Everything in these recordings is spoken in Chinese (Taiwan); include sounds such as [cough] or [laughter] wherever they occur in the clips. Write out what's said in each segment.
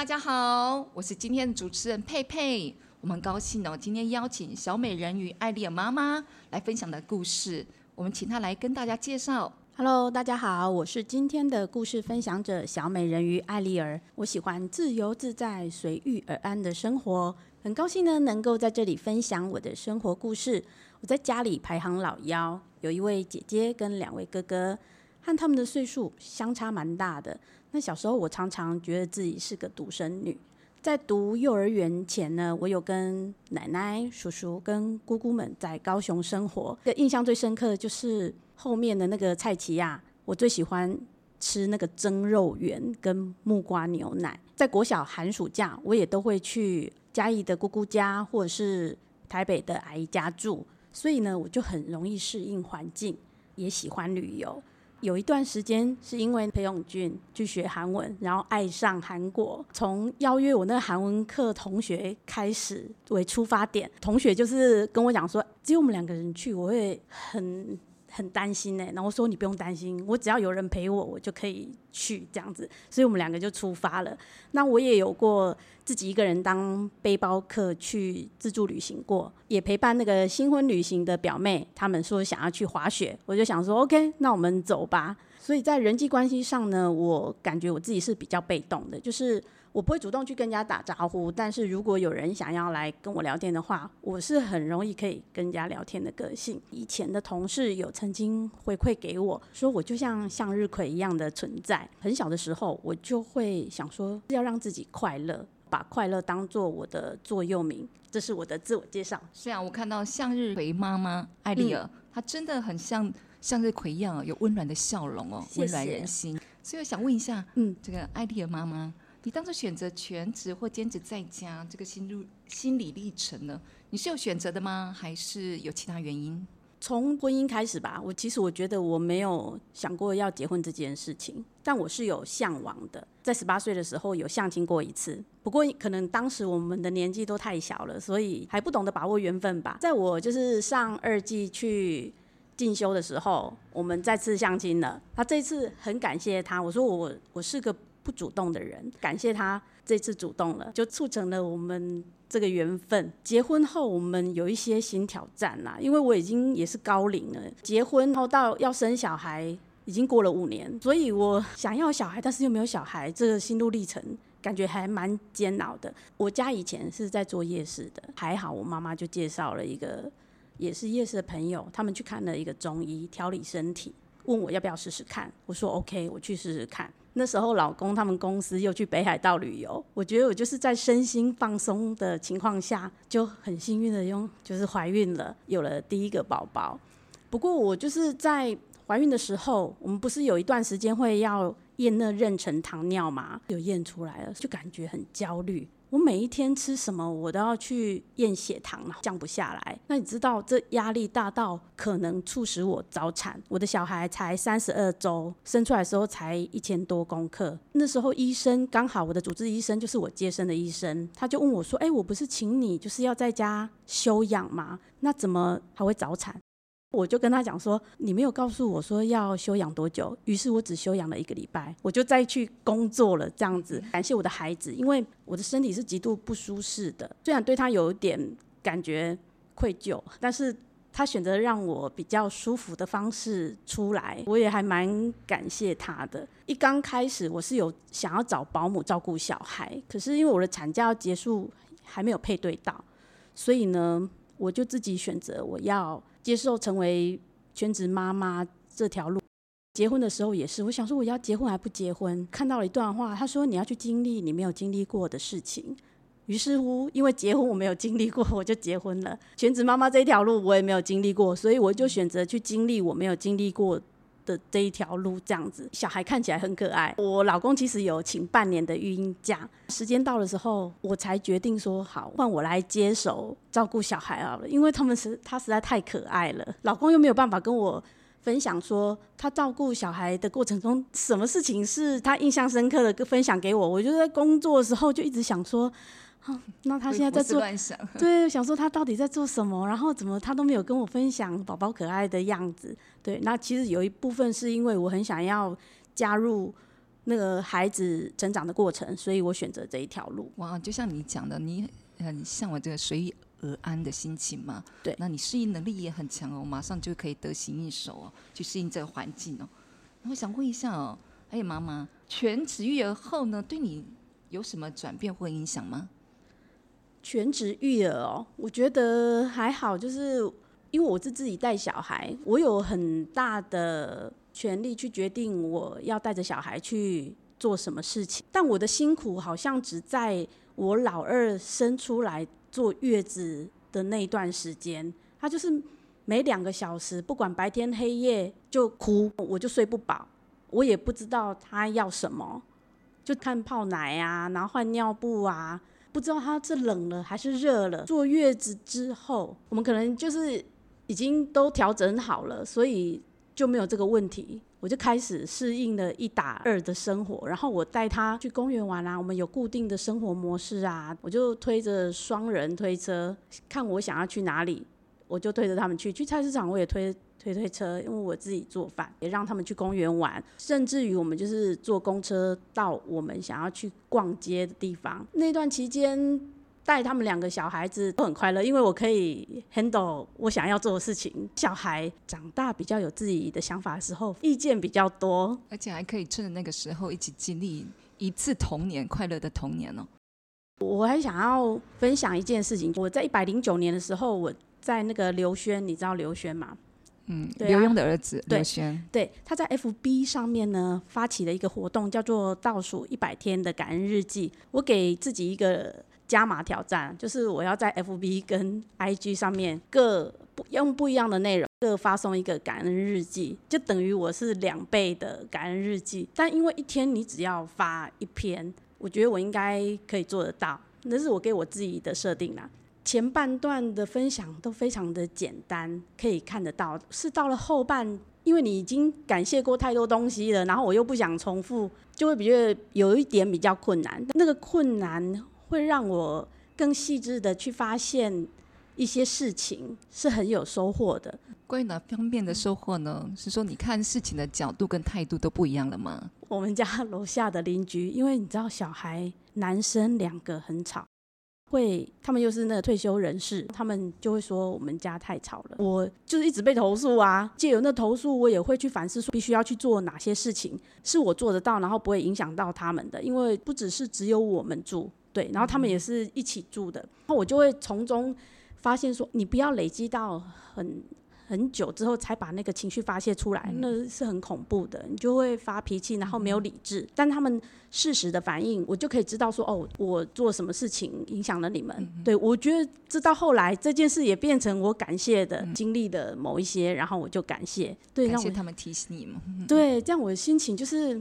大家好，我是今天的主持人佩佩。我們高興呢，今天邀請小美人魚艾莉兒媽媽來分享的故事。我們請她來跟大家介紹。Hello，大家好，我是今天的故事分享者小美人魚艾莉兒。我喜歡自由自在、隨遇而安的生活。很高興呢，能夠在這裡分享我的生活故事。我在家裡排行老幺，有一位姐姐跟兩位哥哥。和他們的歲數相差蠻大的。那小時候我常常覺得自己是個獨生女。在讀幼兒園前呢，我有跟奶奶、叔叔跟姑姑們在高雄生活。印象最深刻的就是後面的那個菜市仔，我最喜歡吃那個蒸肉圓跟木瓜牛奶。在國小寒暑假，我也都會去嘉義的姑姑家或者是台北的阿姨家住，所以呢，我就很容易適應環境，也喜歡旅遊。有一段時間是因為裴勇俊去學韓文，然後愛上韓國。從邀約我那個韓文課同學開始為出發點，同學就是跟我講說，只有我們兩個人去，我會很。很擔心欸，然後我說你不用擔心，我只要有人陪我，我就可以去這樣子，所以我們兩個就出發了。那我也有過自己一個人當背包客去自助旅行過，也陪伴那個新婚旅行的表妹，他們說想要去滑雪，我就想說 OK，那我們走吧。所以在人際關係上呢，我感覺我自己是比較被動的，就是我不會主動去跟人家打招呼。但是如果有人想要來跟我聊天的話，我是很容易可以跟人家聊天的個性。以前的同事有曾經回饋給我說，我就像向日葵一樣的存在。很小的時候，我就會想說要讓自己快樂，把快樂當做我的座右銘。這是我的自我介紹。雖然、啊、我看到向日葵媽媽艾莉兒、嗯，她真的很像。向日葵一樣有溫暖的笑容哦，溫暖人心。所以我想問一下，嗯，這個艾莉兒媽媽，你當初選擇全職或兼職在家這個心路心理歷程呢？你是有選擇的嗎？還是有其他原因？從婚姻開始吧，我其實我覺得我沒有想過要結婚這件事情，但我是有嚮往的。在十八歲的時候有相親過一次，不過可能當時我們的年紀都太小了，所以還不懂得把握緣分吧。在我就是上二季去。進修的時候，我們再次相親了。他這次很感謝他，我說我我我是個不主動的人，感謝他這次主動了，就促成了我們這個緣分。結婚後，我們有一些新挑戰啦，因為我已經也是高齡了，結婚後到要生小孩已經過了五年，所以我想要小孩，但是又沒有小孩，這個心路歷程感覺還蠻煎熬的。我家以前是在做夜市的，還好我媽媽就介紹了一個。也是夜市的朋友，他們去看了一個中醫調理身體，問我要不要試試看。我說 OK，我去試試看。那時候老公他們公司又去北海道旅遊，我覺得我就是在身心放鬆的情況下，就很幸運的用就是懷孕了，有了第一個寶寶。不過我就是在懷孕的時候，我們不是有一段時間會要驗那妊娠糖尿嘛，有驗出來了，就感覺很焦慮。我每一天吃什麼，我都要去驗血糖，降不下來。那你知道這壓力大到可能促使我早產？我的小孩才三十二周，生出來的時候才一千多公克。那時候醫生剛好，我的主治醫生就是我接生的醫生，他就問我說：“哎，我不是請你就是要在家休養嗎？那怎麼還會早產？”我就跟他講說：“你沒有告訴我說要休養多久，於是我只休養了一個禮拜，我就再去工作了。這樣子，感謝我的孩子，因為我的身體是極度不舒適的。雖然對他有點感覺愧疚，但是他選擇讓我比較舒服的方式出來，我也還蠻感謝他的。一剛開始，我是有想要找保姆照顧小孩，可是因為我的產假要結束，還沒有配對到，所以呢，我就自己選擇我要。”接受成為全職媽媽這條路，結婚的時候也是，我想說我要結婚還不結婚？看到了一段話，他說你要去經歷你沒有經歷過的事情。於是乎，因為結婚我沒有經歷過，我就結婚了。全職媽媽這一條路我也沒有經歷過，所以我就選擇去經歷我沒有經歷過。這一條路這樣子，小孩看起來很可愛。我老公其實有請半年的育嬰假，時間到的時候，我才決定說好，換我來接手照顧小孩好了，因為他們是他實在太可愛了，老公又沒有辦法跟我分享說他照顧小孩的過程中，什麼事情是他印象深刻的，分享給我。我就在工作的時候就一直想說。好、哦，那他現在在做，對，對，想說他到底在做什麼，然後怎麼他都沒有跟我分享寶寶可愛的樣子，對，那其實有一部分是因為我很想要加入那個孩子成長的過程，所以我選擇這一條路。哇，就像你講的，你很像我這個隨遇而安的心情嘛，對，那你適應能力也很強哦，我馬上就可以得心應手哦，去適應這個環境哦。我想問一下哦，哎，媽媽，全職育兒後呢，對你有什麼轉變或影響嗎？全職育兒哦，我覺得還好，就是因為我是自己帶小孩，我有很大的權利去決定我要帶着小孩去做什麼事情。但我的辛苦好像只在我老二生出來坐月子的那段時間，他就是每兩個小時，不管白天黑夜就哭，我就睡不飽。我也不知道他要什麼，就看泡奶啊，然後換尿布啊。不知道他是冷了還是熱了。坐月子之後，我們可能就是已經都調整好了，所以就沒有這個問題。我就開始適應了一打二的生活，然後我帶他去公園玩啊。我們有固定的生活模式啊，我就推着雙人推車，看我想要去哪裡，我就推着他們去。去菜市場我也推。推推車，因為我自己做飯，也讓他們去公園玩，甚至於我們就是坐公車到我們想要去逛街的地方。那段期間，帶他們兩個小孩子都很快樂，因為我可以 handle 我想要做的事情。小孩長大比較有自己的想法的時候，意見比較多，而且還可以趁着那個時候一起經歷一次童年，快樂的童年哦。我還想要分享一件事情，我在一百零九年的時候，我在那個劉軒，你知道劉軒嗎？嗯，劉墉的兒子劉軒，啊，對，他在 F B 上面呢，發起了一個活動，叫做倒數一百天的感恩日記。我給自己一個加碼挑戰，就是我要在 F B 跟 I G 上面各不用不一樣的內容，各發送一個感恩日記，就等於我是兩倍的感恩日記。但因為一天你只要發一篇，我覺得我應該可以做得到，那是我給我自己的設定啦。前半段的分享都非常的簡單，可以看得到。是到了後半，因為你已經感謝過太多東西了，然後我又不想重複，就會比較有一點比較困難。那個困難會讓我更細緻的去發現一些事情，是很有收穫的。關於哪方面的收穫呢？是說你看事情的角度跟態度都不一樣了嗎？我們家樓下的鄰居，因為你知道，小孩男生兩個很吵。會，他們又是那個退休人士，他們就會說我們家太吵了。我就是一直被投訴啊，借由那投訴，我也會去反思，說必須要去做哪些事情是我做得到，然後不會影響到他們的。因為不只是只有我們住，對，然後他們也是一起住的。然後我就會從中發現，說你不要累積到很……很久之後才把那個情緒發洩出來、嗯，那是很恐怖的。你就會發脾氣，然後沒有理智。嗯、但他們適時的反應，我就可以知道說，哦，我做什麼事情影響了你們、嗯。對，我覺得直到後來這件事也變成我感謝的、嗯、經歷的某一些，然後我就感謝。對，讓我他們提醒你嘛、嗯、對，這樣我的心情就是。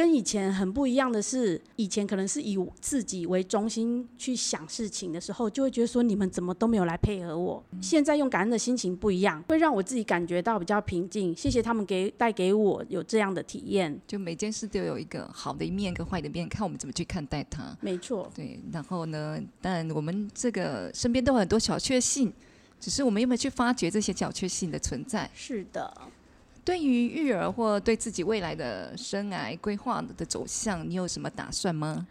跟以前很不一樣的是，以前可能是以自己為中心去想事情的時候，就會覺得說你們怎麼都沒有來配合我。嗯，現在用感恩的心情不一樣，會讓我自己感覺到比較平靜。謝謝他們給帶給我有這樣的體驗。就每件事都有一個好的一面跟壞的一面，看我們怎麼去看待它。沒錯。對，然後呢？但我們這個身邊都有很多小確幸，只是我們有沒有去發掘這些小確幸的存在？是的。對於育兒或對自己未來的生涯規劃的走向，你有什麼打算嗎？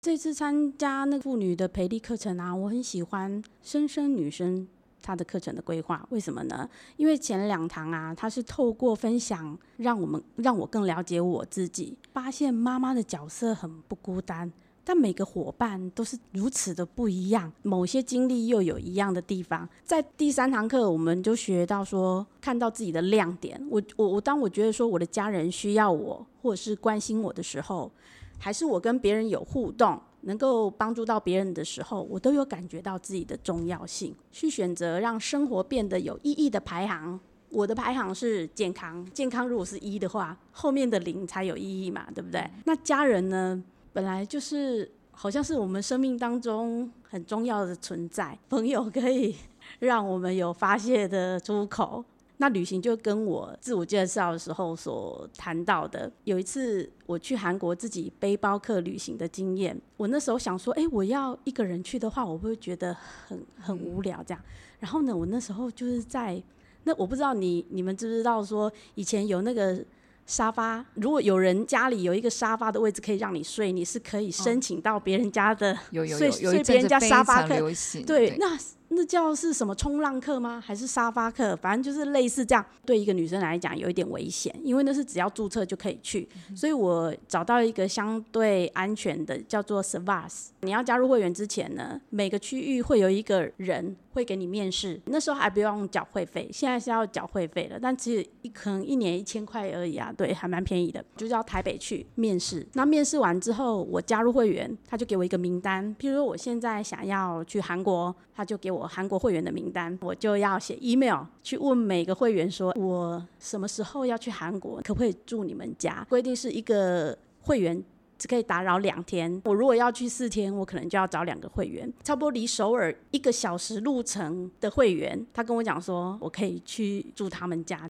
這次參加那個婦女的培力課程啊，我很喜歡生生女生她的課程的規劃，為什麼呢？因為前兩堂啊，她是透過分享，讓我們讓我更了解我自己，發現媽媽的角色很不孤單。但每個伙伴都是如此的不一樣，某些經歷又有一樣的地方。在第三堂課，我們就學到說，看到自己的亮點。我、我、我，當我覺得說我的家人需要我，或者是關心我的時候，還是我跟別人有互動，能夠幫助到別人的時候，我都有感覺到自己的重要性，去選擇讓生活變得有意義的排行。我的排行是健康，健康如果是一的話，後面的零才有意義嘛，對不對？那家人呢？本來就是，好像是我們生命當中很重要的存在。朋友可以讓我們有發洩的出口。那旅行就跟我自我介紹的時候所談到的，有一次我去韓國自己背包客旅行的經驗。我那時候想說，誒，我要一個人去的話，我不會覺得很很無聊這樣。然後呢，我那時候就是在那，我不知道你你們知不知道說以前有那個。沙發，如果有人家裡有一個沙發的位置可以讓你睡，你是可以申請到別人家的，睡睡別人家沙發可以。對，那那叫是什麼衝浪客嗎？還是沙發客？反正就是類似這樣，對一個女生來講有一點危險，因為那是只要註冊就可以去。所以我找到一個相對安全的，叫做 Servas。你要加入會員之前呢，每個區域會有一個人會給你面試。那時候還不用繳會費，現在是要繳會費了，但其實一可能一年一千塊而已啊，對，還蠻便宜的。就到台北去面試。那面試完之後，我加入會員，他就給我一個名單。譬如說我現在想要去韓國，他就給我。我韓國會員的名單，我就要寫 email 去問每個會員說，我什麼時候要去韓國，可不可以住你們家？規定是一個會員只可以打擾兩天。我如果要去四天，我可能就要找兩個會員。差不多離首爾一個小時路程的會員，他跟我講說，我可以去住他們家。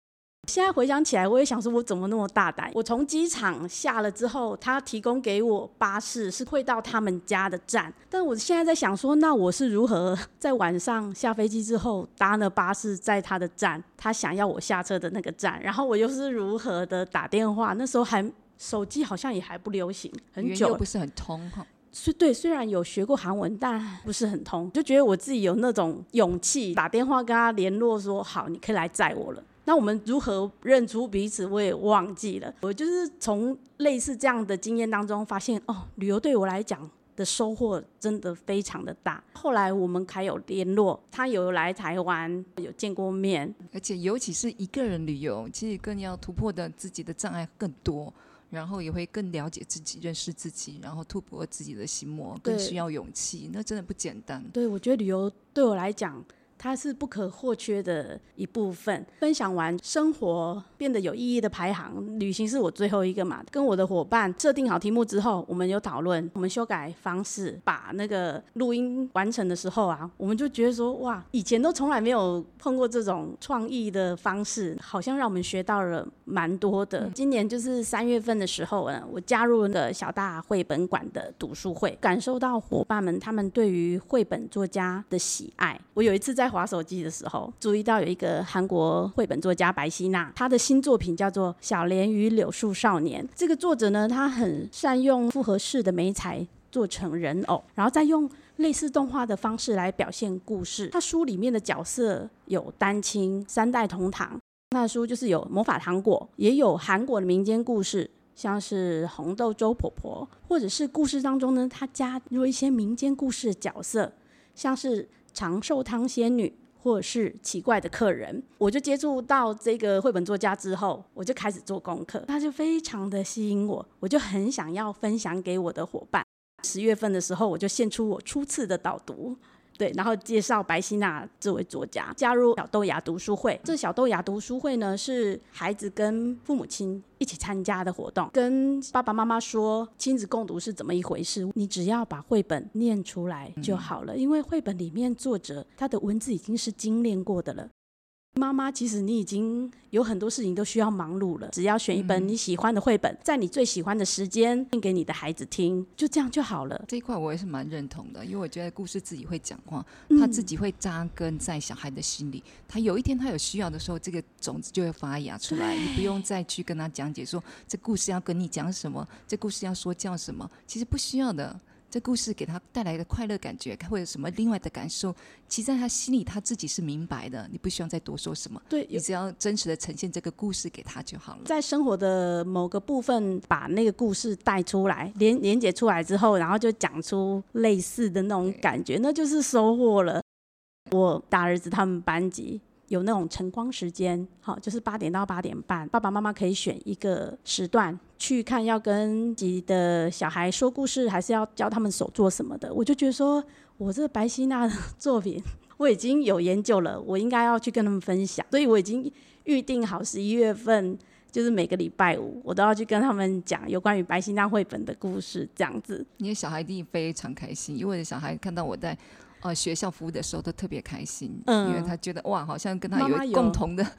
現在回想起來，我也想說，我怎麼那麼大膽？我從機場下了之後，他提供給我巴士，是會到他們家的站。但我現在在想說，那我是如何在晚上下飛機之後搭了巴士，在他的站，他想要我下車的那個站，然後我又是如何的打電話？那時候還手機好像也還不流行，很久不是很通哈。是，對，雖然有學過韓文，但不是很通，就覺得我自己有那種勇氣打電話跟他聯絡，說好，你可以來載我了。那我們如何認出彼此？我也忘記了。我就是從類似這樣的經驗當中發現，哦，旅遊對我來講的收穫真的非常的大。後來我們還有聯絡，他有來台灣，有見過面。而且尤其是一個人旅遊，其實更要突破的自己的障礙更多，然後也會更了解自己、認識自己，然後突破自己的心魔，更需要勇氣。那真的不簡單。對，我覺得旅遊對我來講。它是不可或缺的一部分。分享完生活變得有意義的排行，旅行是我最後一個嘛。跟我的夥伴設定好題目之後，我們有討論，我們修改方式，把那個錄音完成的時候啊，我們就覺得說哇，以前都從來沒有碰過這種創意的方式，好像讓我們學到了蠻多的。今年就是三月份的時候嗯，我加入了小大繪本館的讀書會，感受到夥伴們他們對於繪本作家的喜愛。我有一次在。滑手機的時候，注意到有一個韓國繪本作家白希娜，她的新作品叫做《小蓮與柳樹少年》。這個作者呢，他很善用複合式的媒材做成人偶，然後再用類似動畫的方式來表現故事。他書裡面的角色有單親三代同堂，那的書就是有魔法糖果，也有韓國的民間故事，像是紅豆周婆婆，或者是故事當中呢，他加入一些民間故事的角色，像是。長壽湯仙女，或是奇怪的客人。我就接觸到這個繪本作家之後，我就開始做功課，他就非常的吸引我，我就很想要分享給我的夥伴。十月份的時候，我就獻出我初次的導讀。對，然後介紹白希娜這位作家加入小豆芽讀書會。這小豆芽讀書會呢，是孩子跟父母親一起參加的活動，跟爸爸媽媽說親子共讀是怎麼一回事。你只要把繪本念出來就好了，因為繪本裡面作者他的文字已經是精煉過的了。媽媽，其實你已經有很多事情都需要忙碌了。只要選一本你喜歡的繪本，嗯、在你最喜歡的時間念給你的孩子聽，就這樣就好了。這一塊我也是蠻認同的，因為我覺得故事自己會講話，嗯、他自己會紮根在小孩的心裡。他有一天他有需要的時候，這個種子就會發芽出來。你不用再去跟他講解說這故事要跟你講什麼，這故事要說叫什麼，其實不需要的。這故事給他帶來的快樂感覺，他會有什麼另外的感受？其實在他心裡，他自己是明白的。你不需要再多說什麼，對，你只要真實的呈現這個故事給他就好了。在生活的某個部分，把那個故事帶出來，連連接出來之後，然後就講出類似的那種感覺，那就是收穫了。我大兒子他們班級。有那種晨光時間，好，就是八點到八點半，爸爸媽媽可以選一個時段去看，要跟自己的小孩說故事，還是要教他們手做什麼的。我就覺得說，我這個白希娜的作品，我已經有研究了，我應該要去跟他們分享，所以我已經預定好十一月份，就是每個禮拜五，我都要去跟他們講有關於白希娜繪本的故事，這樣子，因為小孩一定非常開心，因為小孩看到我在。呃、哦，學校服務的時候都特別開心，嗯、因為他覺得哇，好像跟他有共同的，媽媽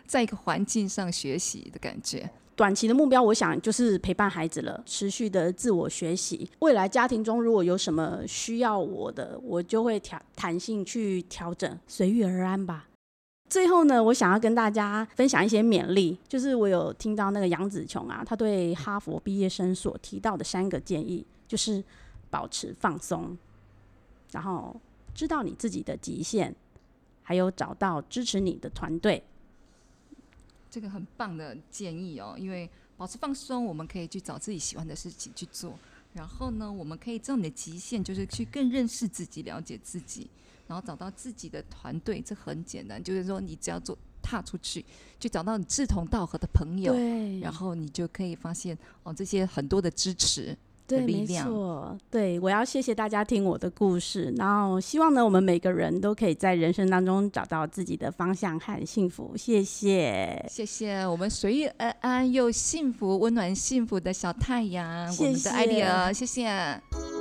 [laughs] 在一個環境上學習的感覺。短期的目標，我想就是陪伴孩子了，持續的自我學習。未來家庭中如果有什麼需要我的，我就會調彈性去調整，隨遇而安吧。最後呢，我想要跟大家分享一些勉勵，就是我有聽到那個楊紫瓊啊，他對哈佛畢業生所提到的三個建議，就是保持放鬆。然後知道你自己的極限，還有找到支持你的團隊，這個很棒的建議哦。因為保持放鬆，我們可以去找自己喜歡的事情去做。然後呢，我們可以做你的極限，就是去更認識自己、了解自己，然後找到自己的團隊。這很簡單，就是說你只要做踏出去，就找到你志同道合的朋友，然後你就可以發現哦，這些很多的支持。對，沒錯。對，我要謝謝大家聽我的故事，然後希望呢，我們每個人都可以在人生當中找到自己的方向和幸福。謝謝，謝謝我們隨遇而安又幸福、溫暖、幸福的小太陽，謝謝我們的艾莉爾，謝謝。謝謝。